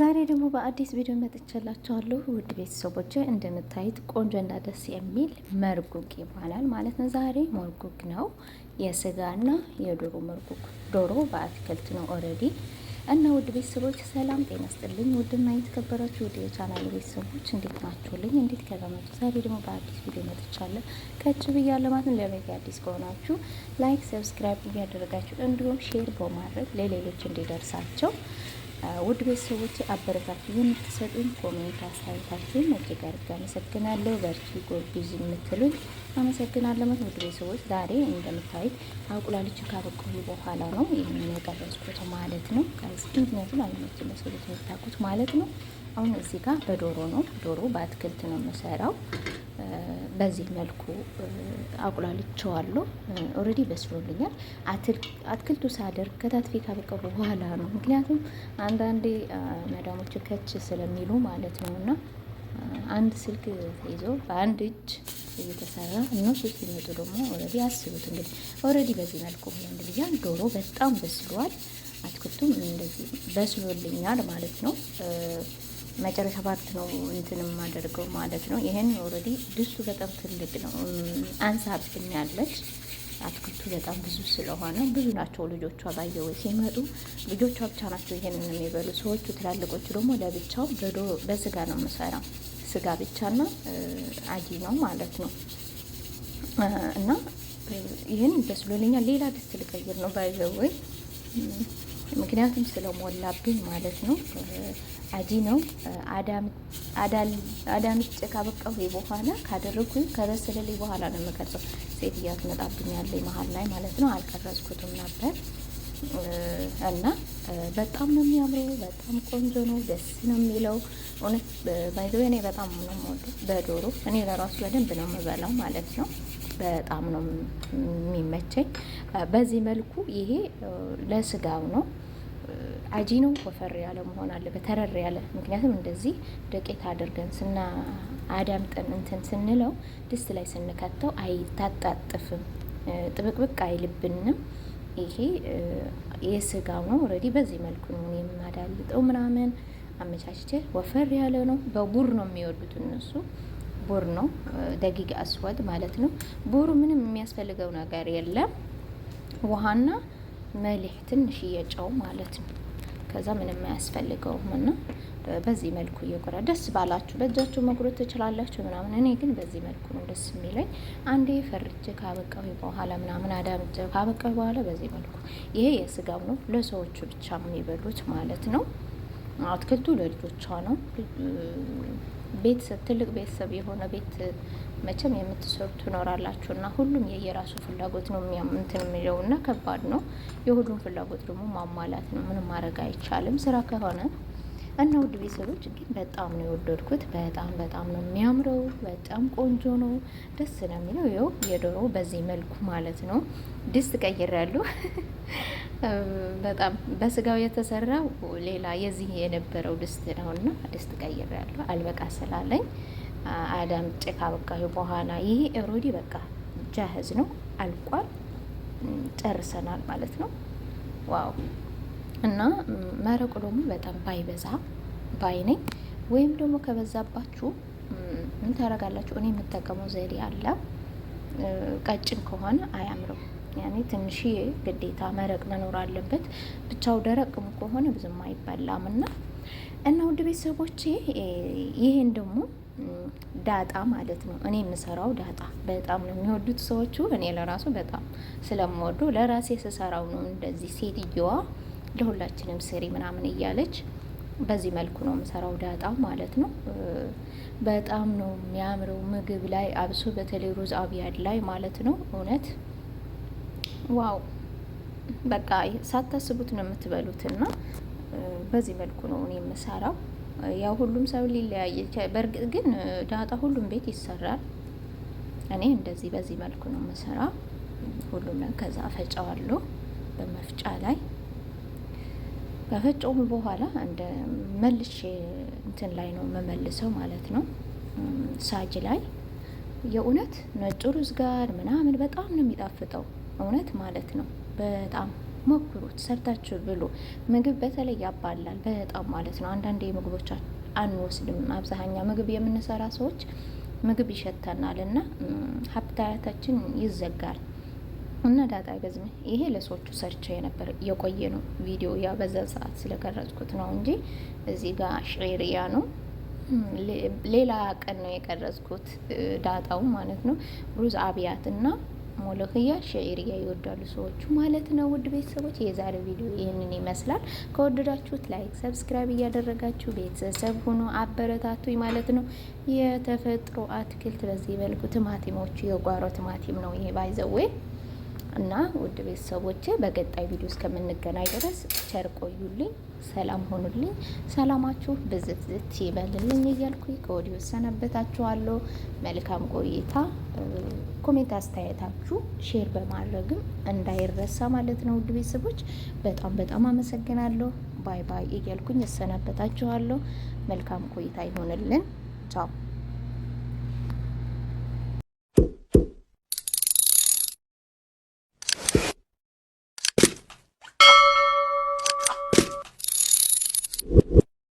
ዛሬ ደግሞ በአዲስ ቪዲዮ መጥቼላችኋለሁ ውድ ቤተሰቦች፣ እንደምታዩት ቆንጆ እና ደስ የሚል መርጉቅ ይባላል ማለት ነው። ዛሬ መርጉቅ ነው የስጋና የዶሮ መርጉቅ። ዶሮ በአትክልት ነው ኦልሬዲ እና ውድ ቤተሰቦች ሰላም ጤና ስጥልኝ። ውድና የተከበራችሁ ውድ የቻናል ቤተሰቦች እንዴት ናችሁልኝ? እንዴት ከረማችሁ? ዛሬ ደግሞ በአዲስ ቪዲዮ መጥቻለሁ። ከች ብያለሁ ማለት ነው። ለቤት አዲስ ከሆናችሁ ላይክ፣ ሰብስክራይብ እያደረጋችሁ እንዲሁም ሼር በማድረግ ለሌሎች እንዲደርሳቸው ውድ ቤተሰቦች አበረታቱ የምትሰጡኝ ኮሜንት አስተያየታችሁን እጅግ አድርጌ አመሰግናለሁ። በርቺ ጎብዝ የምትሉኝ አመሰግናለሁ። መት ውድ ቤተሰቦች ዛሬ እንደምታዩት አቁላልቼ ካበቀሉ በኋላ ነው ይህንን የቀረጽኩት ማለት ነው። ምክንያቱም አይነት መሰሉት የምታውቁት ማለት ነው። አሁን እዚህ ጋር በዶሮ ነው። ዶሮ በአትክልት ነው የምሰራው በዚህ መልኩ አቁላልቸዋለሁ። ኦልሬዲ በስሎልኛል። አትክልቱ ሳደርግ ከታትፌ ካበቀቡ በኋላ ነው። ምክንያቱም አንዳንዴ መዳሞች ከች ስለሚሉ ማለት ነው እና አንድ ስልክ ይዞ በአንድ እጅ እየተሰራ እነሱ ሲመጡ ደግሞ ኦልሬዲ አስቡት እንግዲህ ኦልሬዲ በዚህ መልኩ ሆነ ዶሮ በጣም በስሏል። አትክልቱም እንደዚህ በስሎልኛል ማለት ነው። መጨረሻ ፓርት ነው እንትን የማደርገው ማለት ነው። ይሄን ኦልሬዲ ድስቱ በጣም ትልቅ ነው። አንሳብኝ ያለች አትክልቱ በጣም ብዙ ስለሆነ ብዙ ናቸው ልጆቿ። ባየው ሲመጡ ልጆቿ ብቻ ናቸው ይሄንን የሚበሉ ሰዎቹ። ትላልቆቹ ደግሞ ለብቻው በዶ በስጋ ነው የምሰራው፣ ስጋ ብቻና አጂ ነው ማለት ነው። እና ይህን በስሎልኛል። ሌላ ድስት ልቀይር ነው ባይዘወይ ምክንያቱም ስለሞላብኝ ማለት ነው። አጂ ነው አዳምጬ ካበቃሁ በኋላ ካደረግኩኝ ከበሰለልኝ በኋላ ነው የምቀርጸው። ሴትዮዋ ትመጣብኛለች መሀል ላይ ማለት ነው። አልቀረጽኩትም ነበር እና በጣም ነው የሚያምረው። በጣም ቆንጆ ነው፣ ደስ ነው የሚለው። እውነት ባይዘ እኔ በጣም ነው የምወደው በዶሮ እኔ ለራሱ በደንብ ነው የምበላው ማለት ነው። በጣም ነው የሚመቸኝ። በዚህ መልኩ ይሄ ለስጋው ነው። አጂኖ ወፈር ያለ መሆን አለ በተረር ያለ ምክንያቱም እንደዚህ ደቄት አድርገን ስና አዳምጠን እንትን ስንለው ድስት ላይ ስንከተው አይታጣጥፍም፣ ጥብቅብቅ አይልብንም። ይሄ የስጋው ነው። ኦልሬዲ በዚህ መልኩ ነው የማዳልጠው ምናምን አመቻችቼ ወፈር ያለ ነው። በቡር ነው የሚወዱት እነሱ ቡር ነው፣ ደቂቅ አስዋድ ማለት ነው። ቡሩ ምንም የሚያስፈልገው ነገር የለም። ውሃና መልህ ትንሽ እየጨው ማለት ነው። ከዛ ምንም አያስፈልገውም እና በዚህ መልኩ እየቆረ ደስ ባላችሁ በእጃችሁ መጉረጥ ትችላላችሁ ምናምን። እኔ ግን በዚህ መልኩ ነው ደስ የሚለኝ። አንዴ ፈርጅ ካበቃሁ በኋላ ምናምን አዳምጭ ካበቃሁ በኋላ በዚህ መልኩ ይሄ የስጋው ነው፣ ለሰዎቹ ብቻ የሚበሉት ማለት ነው። አትክልቱ ለልጆቿ ነው። ቤት ትልቅ ቤተሰብ የሆነ ቤት መቼም የምትሰሩ ትኖራላችሁ እና ሁሉም የየራሱ ፍላጎት ነው እንትን የሚለው እና ከባድ ነው። የሁሉም ፍላጎት ደግሞ ማሟላት ነው። ምንም ማድረግ አይቻልም ስራ ከሆነ እና ውድ ቤተሰቦች ግን በጣም ነው የወደድኩት። በጣም በጣም ነው የሚያምረው። በጣም ቆንጆ ነው፣ ደስ ነው የሚለው። ይኸው የዶሮ በዚህ መልኩ ማለት ነው። ድስት ቀይሬያለሁ። በጣም በስጋው የተሰራው ሌላ የዚህ የነበረው ድስት ነውና ድስት ቀይሬያለሁ። አልበቃ ስላለኝ አዳም ጭቃ በቃ በኋላ ይሄ ሮዲ በቃ ጃህዝ ነው አልቋል። ጨርሰናል ማለት ነው። ዋው እና መረቁ ደግሞ በጣም ባይበዛ ባይ ነኝ። ወይም ደግሞ ከበዛባችሁ ምን ታደርጋላችሁ? እኔ የምጠቀመው ዘዴ አለ። ቀጭን ከሆነ አያምርም ያኔ ትንሽዬ ግዴታ መረቅ መኖር አለበት። ብቻው ደረቅም ከሆነ ብዙም አይበላም እና እና ውድ ቤተሰቦቼ ይህን ደግሞ ዳጣ ማለት ነው። እኔ የምሰራው ዳጣ በጣም ነው የሚወዱት ሰዎቹ። እኔ ለራሱ በጣም ስለምወዱ ለራሴ ስሰራው ነው እንደዚህ ሴትየዋ ለሁላችንም ስሪ ምናምን እያለች በዚህ መልኩ ነው የምሰራው ዳጣ ማለት ነው። በጣም ነው የሚያምረው ምግብ ላይ አብሶ በተለይ ሩዝ አብያድ ላይ ማለት ነው እውነት ዋው በቃ ሳታስቡት ነው የምትበሉትና በዚህ መልኩ ነው እኔ የምሰራው። ያው ሁሉም ሰው ሊለያየ፣ በእርግጥ ግን ዳጣ ሁሉም ቤት ይሰራል። እኔ እንደዚህ በዚህ መልኩ ነው የምሰራው። ሁሉም ከዛ አፈጫዋለሁ በመፍጫ ላይ ከፈጨውም በኋላ እንደ መልሼ እንትን ላይ ነው የምመልሰው ማለት ነው ሳጅ ላይ የእውነት ነጭ ሩዝ ጋር ምናምን በጣም ነው የሚጣፍጠው። እውነት ማለት ነው። በጣም ሞክሩት፣ ሰርታችሁ ብሉ። ምግብ በተለይ ያባላል በጣም ማለት ነው። አንዳንድ ምግቦች አንወስድም። አብዛሀኛ ምግብ የምንሰራ ሰዎች ምግብ ይሸተናል እና ሀብታያታችን ይዘጋል። እና ዳጣ ገዝሜ ይሄ ለሰዎቹ ሰርቼ የነበር የቆየ ነው ቪዲዮ ያ በዛ ሰዓት ስለቀረጽኩት ነው እንጂ እዚህ ጋር ሽሪያ ነው። ሌላ ቀን ነው የቀረጽኩት ዳጣው ማለት ነው። ሩዝ አብያት እና ሞለክያ ሸዒርያ ይወዳሉ ሰዎቹ ማለት ነው። ውድ ቤተሰቦች የዛሬው ቪዲዮ ይህንን ይመስላል። ከወደዳችሁት ላይክ፣ ሰብስክራይብ እያደረጋችሁ ቤተሰብ ሆኖ አበረታቱኝ ማለት ነው። የተፈጥሮ አትክልት በዚህ መልኩ ቲማቲሞቹ የጓሮ ቲማቲም ነው ይሄ ባይዘዌ እና ውድ ቤተሰቦቼ በቀጣይ ቪዲዮ እስከምንገናኝ ድረስ ቸር ቆዩልኝ፣ ሰላም ሆኑልኝ፣ ሰላማችሁ ብዝት ዝት ይበልልኝ እያልኩ ከወዲሁ ሰነበታችኋለሁ። መልካም ቆይታ። ኮሜንት አስተያየታችሁ ሼር በማድረግም እንዳይረሳ ማለት ነው። ውድ ቤተሰቦች በጣም በጣም አመሰግናለሁ። ባይ ባይ እያልኩኝ እሰናበታችኋለሁ። መልካም ቆይታ ይሆንልን። ቻው